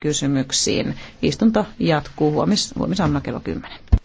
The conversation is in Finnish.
kysymyksiin. Istunto jatkuu huomis, huomisanna kello 10.